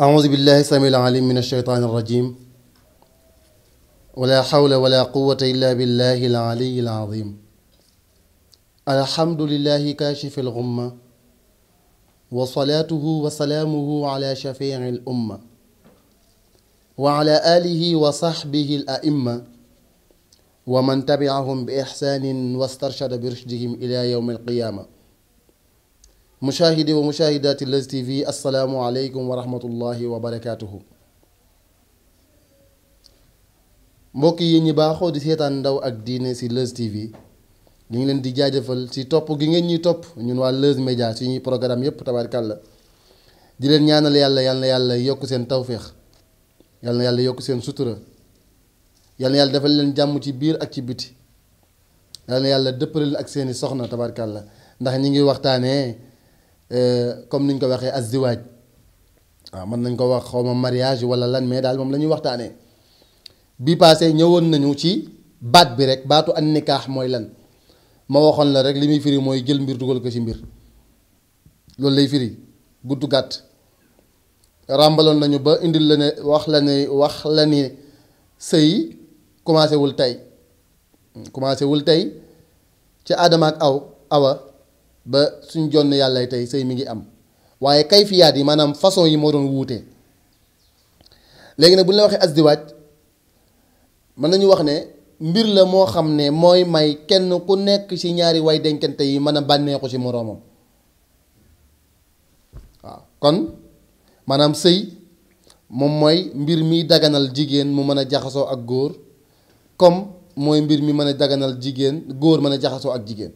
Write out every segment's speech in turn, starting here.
أعوذ بالله السميع العليم من الشيطان الرجيم ولا حول ولا قوة إلا بالله العلي العظيم الحمد لله كاشف الغمة وصلاته وسلامه على شفيع الأمة وعلى آله وصحبه الأئمة ومن تبعهم بإحسان واسترشد برشدهم إلى يوم القيامة mushahidi wa mushahidati Leuz TV assalaamu aleykum wa rahmatullahi wa barakaatuhu mbokk yi ñi baaxoo di seetaan ndaw ak diine si Leuz TV ñu ngi leen di jaajëfal ci topp gi ngeen ñuy topp ñun waa Leuz Média ñuy programme yépp la di leen ñaanal yàlla yàlla na yàlla yokk seen tawféex yal na yàlla yokk seen sutura yal yàlla defal leen jàmm ci biir ak ci biti yal yàlla dëppale leen ak seeni soxna la ndax ñi ngi waxtaanee Euh, comme ni ñu ko waxee azziwaaj waaw ah, mën nañ ko wax xawma mariage wala lan mais daal moom la ñuy waxtaanee bi passé ñëwoon nañu ci baat bi rek baatu an nikaax mooy lan ma waxoon la rek li muy firi mooy jël mbir dugal ko ci mbir loolu lay firi gudd gàtt ràmbaloon nañu ba indil la ne wax la ne wax la ne sëy commencé wul tey hmm, commencé wul tey ci aadama ak aw awa ba suñ jonn yàlla tey sëy mi ngi am waaye kayfiyaat yi maanaam façon yi moo doon wuutee léegi nag bu ñu la waxee asdiwaaj mën nañu wax ne mbir la moo xam ne mooy may kenn ku nekk ci ñaari way denkante yi mën a bànneexu ci moroomam waaw kon maanaam sëy moom mooy mbir mi daganal jigéen mu mën a jaxasoo ak góor comme mooy mbir mi mën a daganal jigéen góor mën a jaxasoo ak jigéen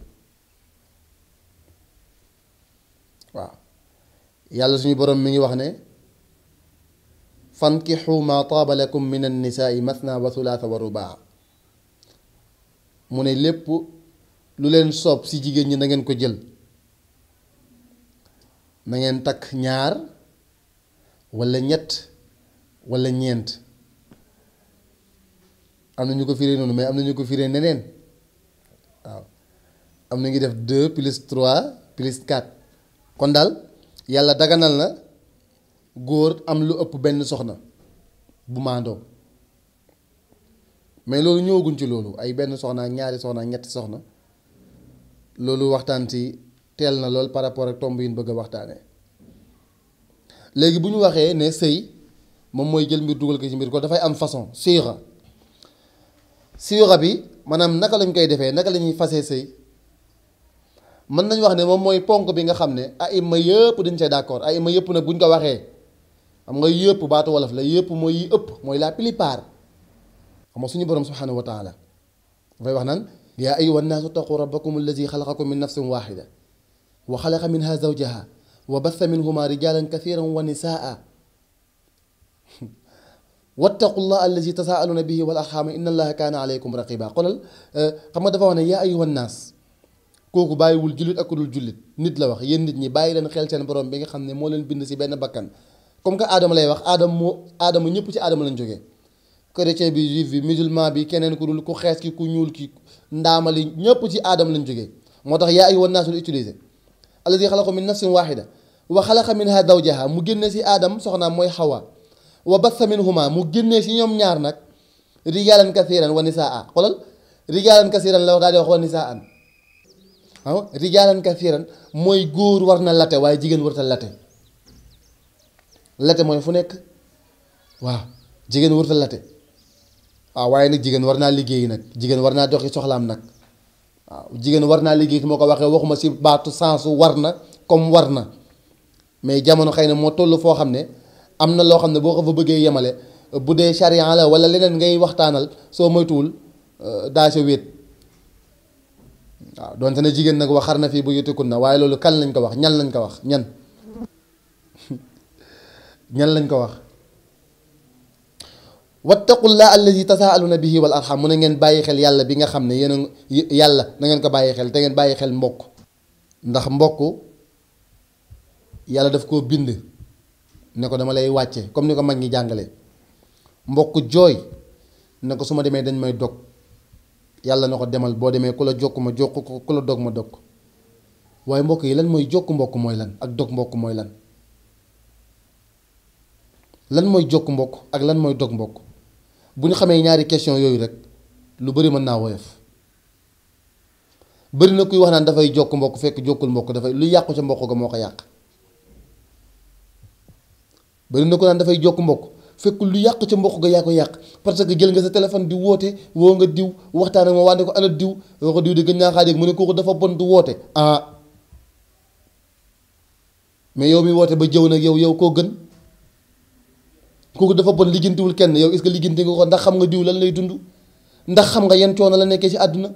waaw yàlla suñu boroom mi ngi wax ne fankixu ma taaba lakum yi annisaai naa wa thulaatha wa rubaa mu ne lépp lu leen soob si jigéen ñi nangeen ko jël na ngeen takk ñaar walla ñett walla ñeent am na ñu ko firee noonu mais am na ñu ko fiire neneen waaw am na ngi def deux plus trois plus quatre kon daal yàlla daganal na góor am lu ëpp benn soxna bu maandoo mais loolu ñëwaguñ ci loolu ay benn soxna ñaari soxna ñetti soxna loolu waxtaan ci teel na lool par rapport ak tomb yi ñu bëgg a waxtaanee léegi bu ñu waxee ne sëy moom mooy jël mbir dugal ko ci mbir ko dafay am façon siira siira bi maanaam naka lañ koy defee naka lañuy ñuy fasee sëy mën nañu wax ne moom mooy ponk bi nga xam ne a ma yëpp dañ cee d'accord ay ma yëpp nag buñ ko waxee xam nga yëpp baatu wolof la yëpp mooy yi ëpp mooy la plupart xam nga suñu borom subhanahu wa taala dafay wax naan yaa ayyuha nnaasu taqu rabbakum alladi xalaqakum min nafsin waxida wa xalaqa minha zawjaha wa batha minhuma rijalan kathiran wa nisaa wattaqu llah alladi tasaaluuna bihi wal arxaama inna allaha kaana alaykum raqiba xoolal eh, xam nga dafa wax ne yaa ayyuha nnaas kooku bàyyiwul jullit ak ku dul jullit nit la wax yéen nit ñi bàyyi leen xel seen borom bi nga xam ne moo leen bind si benn bakkan comme que aadama lay wax aadama moo aadama ñëpp ci aadama lañ jógee chrétien bi juif bi keneen ku dul ku xees ki ku ñuul ki ndaamali ñëpp ci aadama lañ jógee moo tax yaa ayyuhan naas utiliser allazi xalaqa min nafsin waxida wa xalaqa minha zawjaha mu génnee si aadam soxnaam mooy xawa wa bassa minhuma mu génnee si ñoom ñaar nag rijaalan kasiran wa nisaa xoolal rijaalan kasiran la wax daal di wax wa nisaan ah rijaalan kasiiran mooy góor war na late waaye jigéen warta late late mooy fu nekk waaw jigéen warta late waaw waaye nag jigéen war naa liggéey nag jigéen war naa doxi soxlaam nag waaw jigéen war naa liggéey su moo ko waxee waxuma si baatu sensu war na comme war na mais jamono xëy na moo toll foo xam ne am na loo xam ne boo ko fa bëggee yemale bu dee charian la wala leneen ngay waxtaanal soo moytuwul euh, daa sa wéet waaw doonte ne jigéen nag wax xar na fii bu yutikun na waaye loolu kan lañ ko wax ñan lañ ko wax ñan ñan lañ ko wax wattaqullaa na bi bihi wal arxam mu ne ngeen bàyyi xel yàlla bi nga xam ne yéen yàlla nangeen ko bàyyi xel te ngeen bàyyi xel mbokk ndax mbokk yàlla daf koo bind ne ko dama lay wàcce comme ni ko mag ngi jàngale mbokk jooy ne ko su ma demee dañ may dog yàlla na ko demal boo demee ku la jokk ma jokk ko ku la dog ma dog waaye mbokk yi lan mooy jokk mbokk mooy lan ak dog mbokk mooy lan lan mooy jokk mbokk ak lan mooy dog mbokk bu ñu xamee ñaari question yooyu rek lu bari mën naa woyof bëri na kuy wax naan dafay jokk mbokk fekk jokkul mbokk dafay lu yàqu ca mbokk ga moo ko yàq bëri na ko naan dafay jokk mbokk fekk lu yàq ca mboq ga yaa ko yàq parce que jël nga sa téléphone di woote woo nga diw waxtaan ak ma wante ko ana diw woo ko diw di gën naa xaajee mu ne kooku dafa bon du woote ah. yow mi woote ba jëw nag yow yow koo gën kooku dafa bon lijjantiwul kenn yow est-ce que nga ko ndax xam nga diw lan lay dund ndax xam nga yan coono la nekkee ci àdduna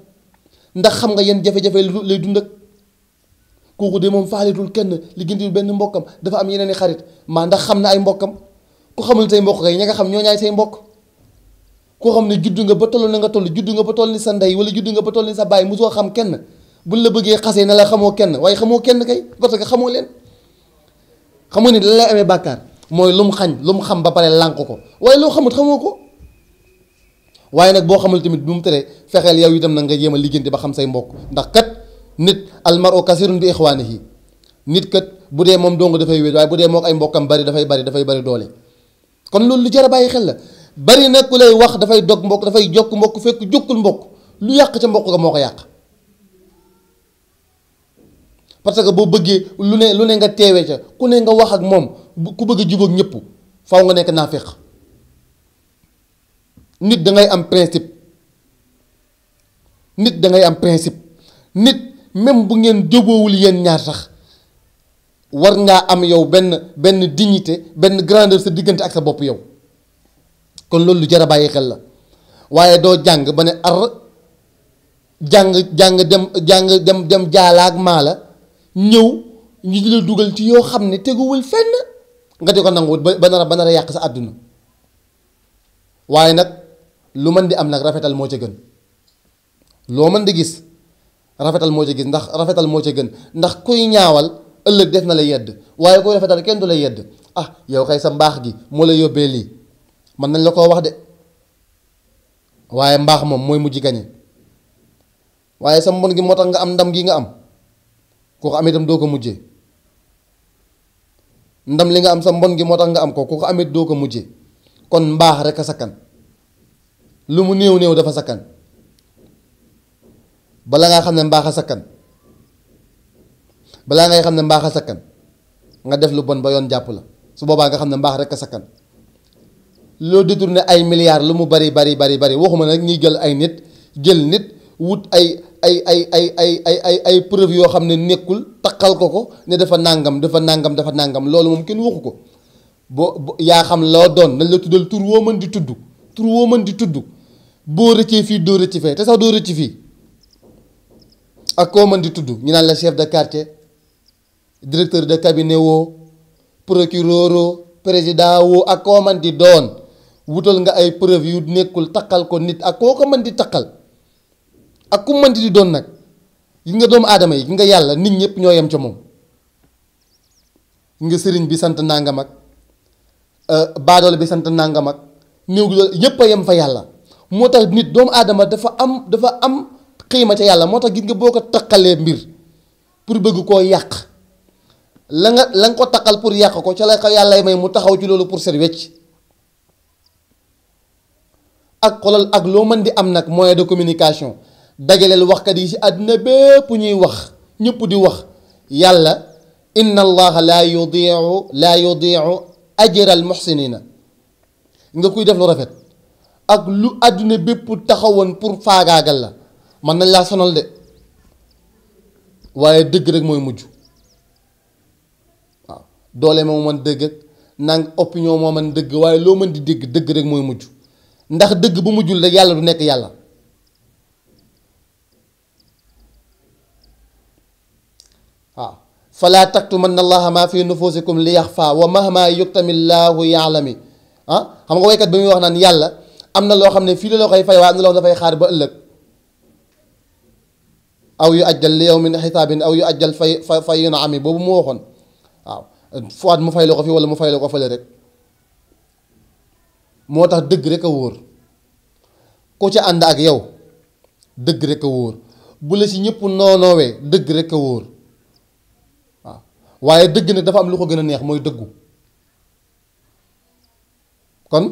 ndax xam nga yan jafe-jafe lay dund ak kooku de moom faaletul kenn lijjantiwul benn mbokkam dafa am yeneen i xarit maa ndax xam na ay mbokkam. ku xamul say mbokk kay ña nga xam ñoo ñaay say mbokk koo xam ne juddu nga ba toll na nga toll juddu nga ba toll ni sa ndey wala juddu nga ba toll ni sa baay mosoo xam kenn buñ la bëggee xasee na la xamoo kenn waaye xamoo kenn kay parce que xamoo leen xamoo ni lan lay amee bàkkaar mooy lu mu xañ lu mu xam ba pare lànk ko waaye loo xamut xamoo ko waaye nag boo xamul tamit bi mu teree fexeel yow itam nag nga jéem a liggéeyante ba xam say mbokk ndax kat nit almaro kasirun bi ixwaanihi nit kat bu dee moom dong dafay wéet waaye bu dee moo mook ay mbokkam bari dafay bari dafay bari doole kon loolu lu jar a bàyyi xel la bari na ku lay wax dafay dog mbokk dafay jokk mbokk fekk jokkul mbokk lu yàq ca mbokk ga moo ko yàq parce que boo bëggee lu ne lu ne nga teewee ca ku ne nga wax ak moom ku bëgg a jubóog ñëpp faw nga nekk naaféq nit da ngay am principe nit da ngay am principe nit même bu ngeen jubóowul yéen ñaar sax. war ngaa am yow benn benn dignité benn grandeur sa diggante ak sa bopp yow kon loolu lu jar a bàyyi xel la waaye doo jàng ba ne ar jàng jàng dem jàng dem dem jaalaak maa la ñëw ñu di la dugal ci yoo xam ne teguwul fenn nga di ko nanguwut ba ba nar ba nar yàq sa àdduna waaye nag lu mën di am nag rafetal moo ca gën loo mën di gis rafetal moo ca gis ndax rafetal moo ca gën ndax koy ñaawal ëllëg des na la yedd waaye boo rafetal kenn du la yedd ah yow kay sa mbaax gi moo la yóbbee lii mën nañ la koo wax de waaye mbaax moom mooy mujj gañe waaye sa mbon gi moo tax nga am ndam gi nga am ku ko am doo ko mujjee ndam li nga am sa mbon gi moo tax nga am ko ku ko amit doo ko mujjee kon mbaax rek a sakkan lu mu néew néew dafa sakkan bala ngaa xam ne mbaax a sakkan balaa ngay xam ne mbaax a sakkan nga def lu bon ba yoon jàpp la su boobaa nga xam ne mbaax rek a sakkan loo détourné ay milliards lu mu bari bari bari bari waxuma nag ñuy jël ay nit jël nit wut ay ay ay ay ay ay ay ay preuve yoo xam ne nekkul takkal ko ko ne dafa nàngam dafa nàngam dafa nàngam loolu moom kenn waxu ko boo yaa xam loo doon nañ la tuddal tur woo mën di tuddu tur woo mën di tudd boo rëccee fii doo rëcc fee te sax doo rëcc fii ak koo mën di tuddu ñu naan la chef de quartier directeur de cabinet woo procureur woo président woo ak koo man di doon wutal nga ay preuve yu nekkul takkal ko nit ak koo ko man di taqal ak ku man di doon nag yi nga doomu aadama yi nga yàlla nit ñëpp ñoo yem ca moom nga sëriñ bi sant nangam ak euh, baadoole bi sant nangam ak néew gi yëpp a yem fa yàlla moo tax nit doomu aadama dafa am dafa am xiima ca yàlla moo tax gis nga boo ko takkalee mbir pour bëgg koo yàq la nga la ko taqal pour yàq ko ci la ko yàlla may mu taxaw ci loolu pour set wecc ak xolal ak loo mën di am nag moyen de communication dajaleel waxkat yi ci àddina bépp ñuy wax ñëpp di wax yàlla inna allaha laa yudiu laa yudiu ajra al muxsinina nga kuy def lu rafet ak lu àddina bépp taxawoon pour faagaagal la mën nañ laa sonal de waaye dëgg rek mooy mujj doole moo man dëgg ak nang opinion moo man dëgg waaye loo mën di dégg dëgg rek mooy mujj ndax dëgg bu mujjul rek yàlla du nekk yàlla waaw falaa na allaha maa fi nufusikum li yaxfa wa mahma yuktamillaahu yaalami mi ah, xam nga waykat bi muy wax naan yàlla am na loo xam ne fii la loo koy waaye am na loo xam ne dafay xaar ba ëllëg aw yu ajjal li yawmin xisaabin aw yu ajjal fay fay yu na ami boobu mu waxoon soit mu fay la ko fi wala mu fay la ko fële rek moo tax dëgg rek a wóor ku ca ànd ak yow dëgg rek a wóor bu la si ñëpp noonoowee dëgg rek a wóor waaye dëgg nag dafa am lu ko gën a neex mooy dëggu kon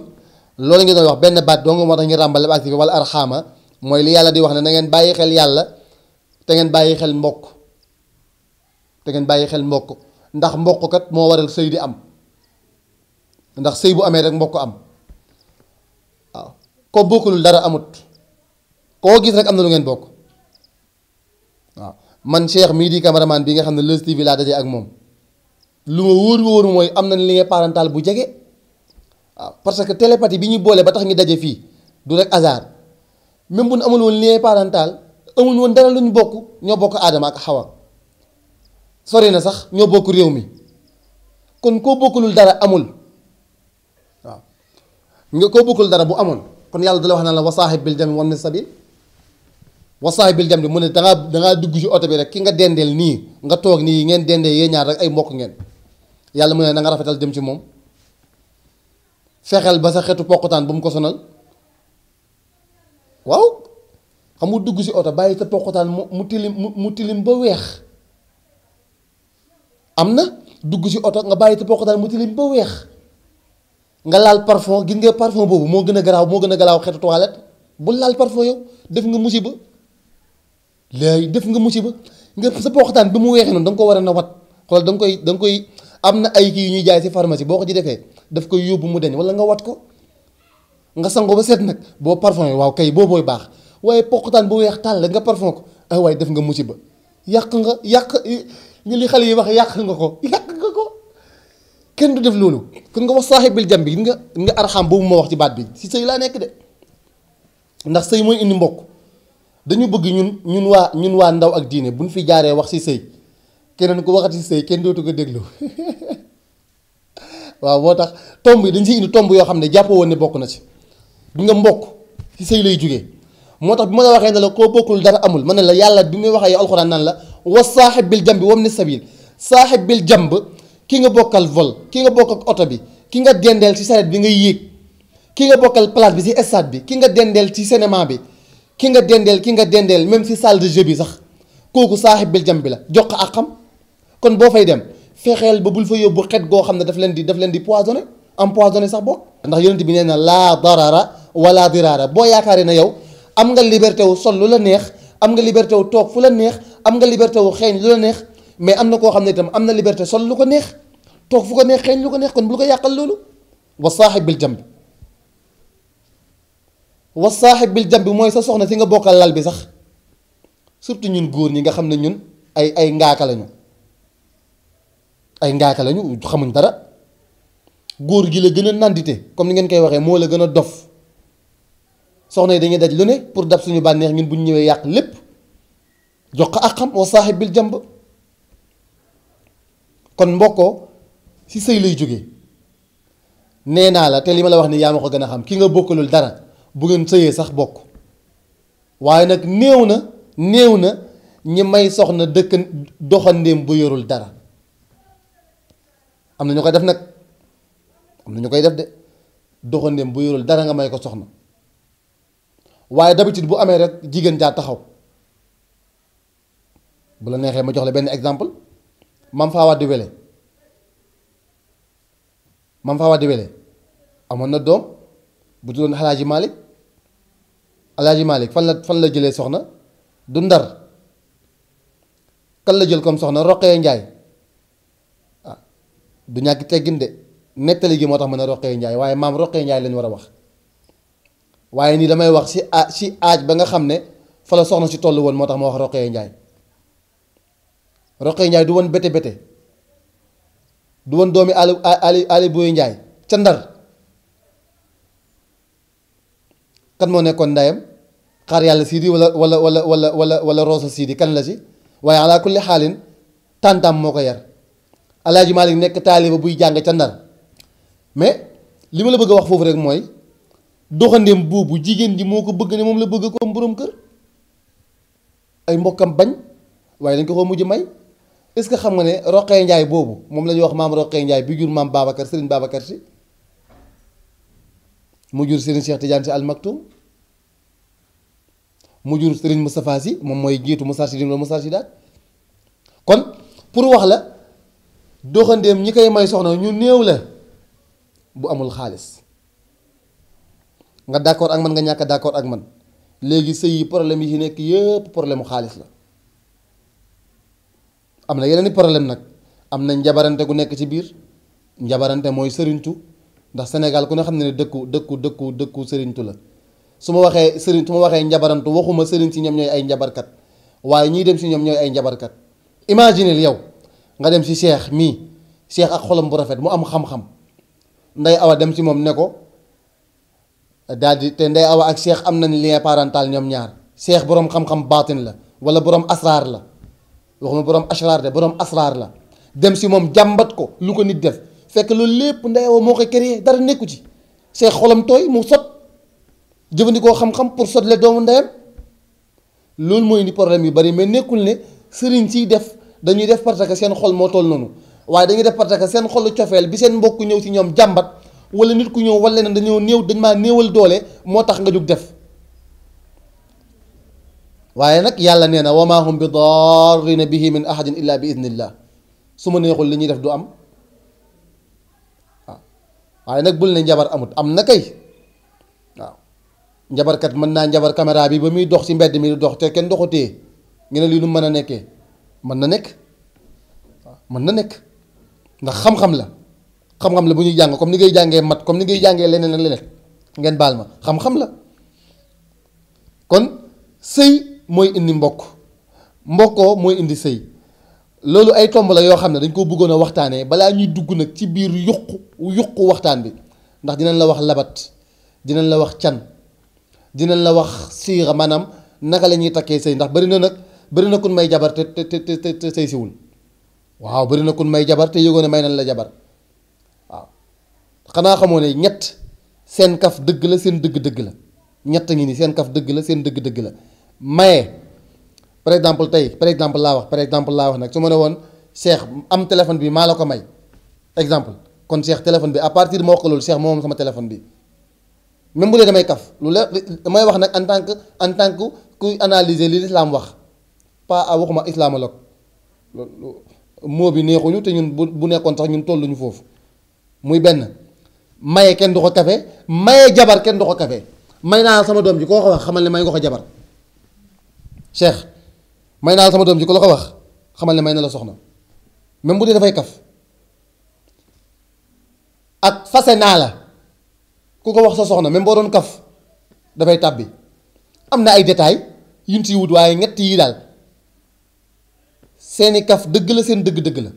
loolu ngi doon wax benn baat doo nga moo tax ñu ràmbale ba activé wala arxaama mooy li yàlla di wax ne na bàyyi xel yàlla te ngeen bàyyi xel mbokk te ngeen bàyyi xel mbokk ndax mboq kat moo waral sëy di am ndax sëy bu amee rek mbokk am waaw ko bokkulul dara amut koo gis rek am na lu ngeen bokk waaw man Cheikh mii di cameraman bi nga xam ne Leuz bi laa dajee ak moom lu ma wóor wóor mooy am na lien parental bu jege waaw parce que télépathie bi ñuy boole ba tax ñu daje fii du rek hasard même bu ñu amul woon lien parental amul woon dara lu ñu bokk ñoo bokk aadama ak xawa sori na sax ñoo bokk réew mi kon koo bokkulul dara amul waaw nga koo bokkul dara bu amoon kon yàlla dala wax na la wa saaxib bil jam wan min sabil wa saaxib bil jam mu ne dangaa dangaa dugg ci oto bi rek ki nga dendeel nii nga toog nii ngeen dendee yee ñaar rek ay mbokk ngeen yàlla mu ne na nga rafetal dem ci moom fexeel ba sa xetu poqutaan bu mu ko sonal waaw xam nga dugg ci oto bàyyi sa poqutaan mu mu tilim mu tilim ba weex am na dugg si oto nga bàyyi te bokk daal mu tilim ba weex nga laal parfon gis nga parfon boobu moo gën a garaaw moo gën a garaaw xeetu toilette bu laal parfum yow def nga musiba léegi def nga musiba nga sa poqataan bi mu weexee noonu da nga ko war a na wat xool da nga koy da koy am na ay kii yu ñuy jaay si pharmacie boo ko ci defee daf koy yóbbu mu deñ wala nga wat ko nga sango ba seet nag boo parfum yi waaw kay boo booy baax waaye poqataan bu weex tàll nga parfum ko ay waaye def nga musiba yàq nga yàq ñu li xale yi wax yàq nga ko yàq kenn du def loolu kon nga wax saaxibil jam bi nga nga arxam boobu ma wax ci baat bi si sëy laa nekk de ndax sëy mooy indi mbokk dañu bëgg ñun ñun waa ñun waa ndaw ak diine bu buñ fi jaaree wax si sëy keneen ko waxati si sëy kenn dootu ko déglu waaw moo tax tomb yi dañ si indi tomb yoo xam ne jàppoo woon ne bokk na ci bi nga mbokk si sëy lay jóge moo tax bi ma la waxee ne la koo bokkul dara amul ma ne la yàlla bi muy waxee yow alxuraan nan la wa saaxib bil jambi wam ni sabil saaxib bil jamb ki nga bokkal vol ki nga bokk ak oto bi ki nga dendeel ci saret bi nga yéeg ki nga bokkal place bi ci estade bi ki nga dendeel ci cinéma bi ki nga dendeel ki nga dendeel même ci salle de jeu bi sax kooku saaxib bil bi la jox ko xam kon boo fay dem fexeel ba bul fa yóbbu xet goo xam ne daf leen di daf leen di poisonné empoisonné sax bokk ndax yonent bi nee na laa darara wala dirara boo yaakaaree na yow am nga liberté wu sol lu la neex am nga liberté wu toog fu la neex am nga liberté wu xeeñ lu la neex mais am na koo xam ne itam am na liberté sol lu ko neex toog fu ko neex xeeñ lu ko neex kon bul ko yàqal loolu wa saaxib bil jambi wa saaxib bil jambi mooy sa soxna si nga bokkal lal bi sax surtout ñun góor ñi nga xam ne ñun ay ay ngaaka lañu ay ngaaka lañu xamuñ dara góor gi la gën a nandite comme ni ngeen koy waxee moo la gën a dof soxna yi dañuy daj lu ne pour dab suñu bànneex ñun bu ñu ñëwee yàq lépp jox ko ak xam wa saaxib bil jamb kon mbokkoo si sëy lay jóge nee naa la te li ma la wax ni yaa ma ko gën a xam ki nga bokkalul dara bu ngeen sëyee sax bokk waaye nag néew na néew na ñi may soxna dëkk doxandéem bu yorul dara am na ñu koy def nag am na ñu koy def de doxandéem bu yorul dara nga may ko soxna waaye d'habitude bu amee rek jigéen jaa taxaw bu la neexee ma jox la benn exemple mam faa waddi wele mam faa waddi wele amoon na doom bu tuddoon alaaji Malick alaaji Malick fan la fan la jëlee soxna du ndar kan la jël comme soxna Roqee Njaay ah du ñàkk teggin de nettali gi moo tax ma ne Roqee Njaay waaye maam Roqee Njaay leen war a wax waaye nii damay wax si a si aaj ba nga xam ne fa la soxna si toll woon moo tax ma wax Roqee Njaay Roqee Njaay du woon bete bete du woon doomi Ali Ali Ali Boy Njaay ca Ndar kan moo nekkoon ndayam xaar yàlla siidi wala wala wala wala wala wala roosa siidi kan la si waaye ala kulli xaalin tàntaam moo ko yar Alaaji Maalik nekk taaliba buy jàng ca Ndar mais li ma la bëgg a wax foofu rek mooy doxandeem boobu jigéen ji moo ko bëgg ne moom la bëgg ko am boroom kër ay mbokkam bañ waaye dañ ko ko mujj may est-ce que xam nga ne Roqee Njaay boobu moom la ñuy wax maam Roqee Njaay bi jur maam Babacar Serigne Babacar si mu jur Serigne Cheikh Tidiane si Al mu jur Serigne Moustapha si moom mooy jiitu Moustarchidine wala Moustarchidaat kon pour wax la doxandeem ñi koy may soxna ñu néew la bu amul xaalis. nga d'accord ak man nga ñàkk d'accord ak man léegi sëy yi problème yi ci nekk yépp problème xaalis la am na yeneen i problème nag am na njabarante gu nekk ci biir njabarante mooy sëriñtu ndax Sénégal ku ne xam ne ne dëkku dëkku dëkku dëkku sëriñtu la su ma waxee sëriñ su ma waxee njabarantu waxuma sëriñ si ñoom ñooy ay njabarkat waaye ñiy dem si ñoom ñooy ay njabarkat imagineel yow nga dem si cheikh mii cheikh ak xolam bu rafet mu am xam-xam nday awa dem si moom ne ko daal te ndey awa ak cheikh am nañ lien parental ñoom ñaar cheikh boroom xam-xam baatin la wala boroom asraar la waxuma boroom asraar de boroom asraar la dem si moom jàmbat ko lu ko nit def fekk loolu lépp ndey moo ko créé dara nekku ci cheikh xolam tooy mu sot jëfandikoo xam-xam pour sotle doomu ndeyam loolu mooy ni problème yu bari mais nekkul ne sëriñ siy def dañuy def parce que seen xol moo toll noonu waaye dañu def parce que seen xolu cofeel bi seen mbokk si ñoom jàmbat wala nit ku ñëw wala ne dañoo néew dañ maa néewal doole moo tax nga jóg def waaye nag yàlla nee na wa maa hum bi darrina bihi min ahadin illa bi idnillah su ma neexul li ñuy def du am waaw waaye nag bul ne njabar amut am na kay waaw njabarkat mën naa njabar caméra bi ba muy dox ci mbedd mi di dox te kenn doxutee ñu ne lii nu mën a nekkee mën na nekk waaw mën na nekk ndax xam-xam la xam-xam la bu ñuy jàng comme ni ngay jàngee mat comme ni ngay jàngee leneen ak leneen ngeen baal ma xam-xam la kon sëy mooy indi mbokk mbokkoo mooy indi sëy loolu ay tomb la yoo xam ne dañ koo bëggoon a waxtaanee balaa ñuy dugg nag ci biir yuqu yuqu waxtaan bi ndax dinañ la wax labat dinañ la wax can dinañ la wax siira maanaam naka la ñuy takkee sëy ndax bëri na nag bëri na kun may jabar te te te te sëy siwul waaw bëri na kun may jabar te yëgoon may nañ la jabar xanaa xamoo ne ñett seen kaf dëgg la seen dëgg-dëgg la ñett ngi nii seen kaf dëgg la seen dëgg-dëgg la maye par exemple tey par exemple laa wax par exemple laa wax nag su ma ne woon Cheikh am téléphone bi maa la ko may exemple kon Cheikh téléphone bi à partir ma wax loolu seex moom sama téléphone bi même bu dee damay kaf lu la damay wax nag en tant que en tant que kuy analyser li lislaam wax pas a waxuma islamologue moo bi neexuñu te ñun bu bu nekkoon sax ñun tolluñu foofu muy benn. maye kenn du ko kafe maye jabar kenn du ko kafe may naa sama doom ji koo ko wax xamal may nga ko may naa sama doom ji ku la ko wax xamal ne may na la soxna même bu dee dafay kaf ak fase naa la ku ko wax sa soxna même boo doon kaf dafay tàbbi am na ay détails yuñ siy wut waaye ñett yi daal seeni kaf dëgg la seen dëgg-dëgg la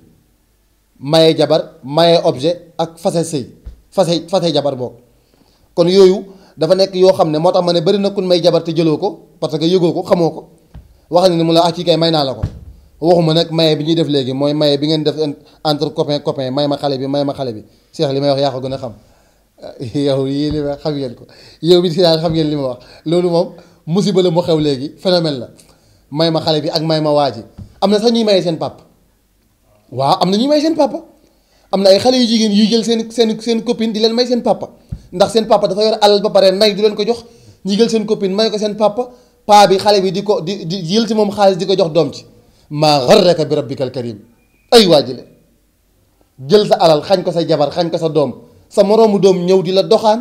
maye jabar maye objet ak fase sëy fase fase jabar boog kon yooyu dafa nekk yoo xam ne moo tax ma ne bari na kun may jabar te jëloo ko parce que yëgoo ko xamoo ko wax ne mu la ah kii kay may naa la ko waxuma nag maye bi ñuy def léegi mooy maye bi ngeen def entre copain copain may ma xale bi may ma xale bi Cheikh li may wax yaa ko gën a xam yow yii li ma xam ngeen ko yow bi si yaa xam ngeen li may wax loolu moom musiba la mu xew léegi phénomène la may ma xale bi ak may ma waa ji am na sax ñuy maye seen papa am na ñuy maye seen papa. am na ay xale yu jigéen yuy jël seen seen seen copine di leen may seen papa ndax seen papa dafa yor alal ba pare nay du leen ko jox ñi jël seen copine may ko seen papa paa bi xale bi di ko di di jël si moom xaalis di ko jox doom ci maa gharraka bi rabbikal karim ay waajile jël sa alal xañ ko sa jabar xañ ko sa doom sa moroomu doom ñëw di la doxaan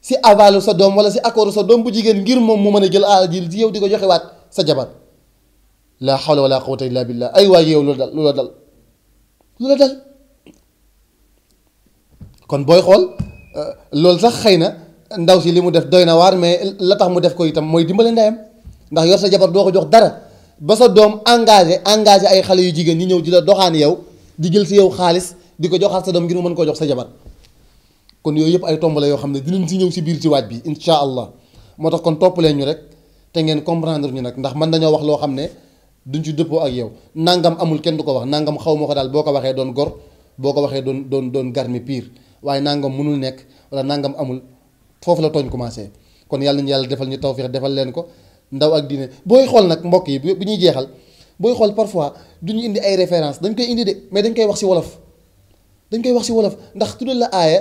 si avalu sa doom wala si accordu sa doom bu jigéen ngir moom mu mën a jël alal ji ci yow di ko joxewaat sa jabar la hawla wala quwwata illa billah ay waay yow lu la dal lu la dal lu la dal kon booy xool euh, loolu sax xëy na ndaw si li mu def doy na waar mais la tax mu def ko itam mooy dimbale ndeyam ndax yor sa jabar doo ko jox dara ba sa doom engage engagé ay xale yu jigéen ñi ñëw di la doxaan yow di jël si yow xaalis di ko jox joxaat sa doom ngir mu mën koo jox sa jabar kon yooyu yëpp ay tomb la yoo xam ne dinañ si ñëw si biir ci waaj bi incha allah moo tax kon toppalee ñu rek te ngeen comprendre ñu nag ndax mën nañoo wax loo xam ne duñ ci dëppoo ak yow nangam amul kenn du ko wax nangam xaw ma ko daal boo ko waxee doon gor boo ko waxee doon doon doon garmi pire waaye nangam mënul nekk wala nangam amul foofu la tooñ commencé kon yàlla ñu yàlla defal ñu tawfeex defal leen ko ndaw ak diine booy xool nag mbokk yi bu ñuy jeexal booy xool parfois du ñu indi ay référence dañ koy indi de mais dañ koy wax ci wolof dañ koy wax ci wolof ndax tuddal la aaya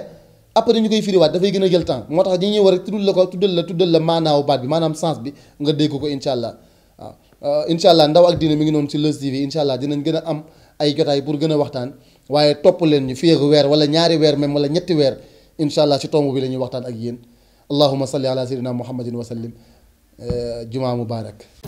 après dañu koy firiwaat dafay gën a jël temps moo tax di ñuy war rek tuddal la ko tuddal la tuddal la maanaawu baat bi maanaam sens bi nga dégg ko incha allah waaw euh, incha allah ndaw mi ngi noonu ci Leuz TV allah dinañ gën am ay jotaay pour gën a waxtaan waaye topp leen ñu fii weer wala ñaari weer même wala ñetti weer incha allah ci tomb bi lañuy waxtaan ak yéen allahuma salli ala sayyidina muhammadin wa sallim eh, jumaa mubaarak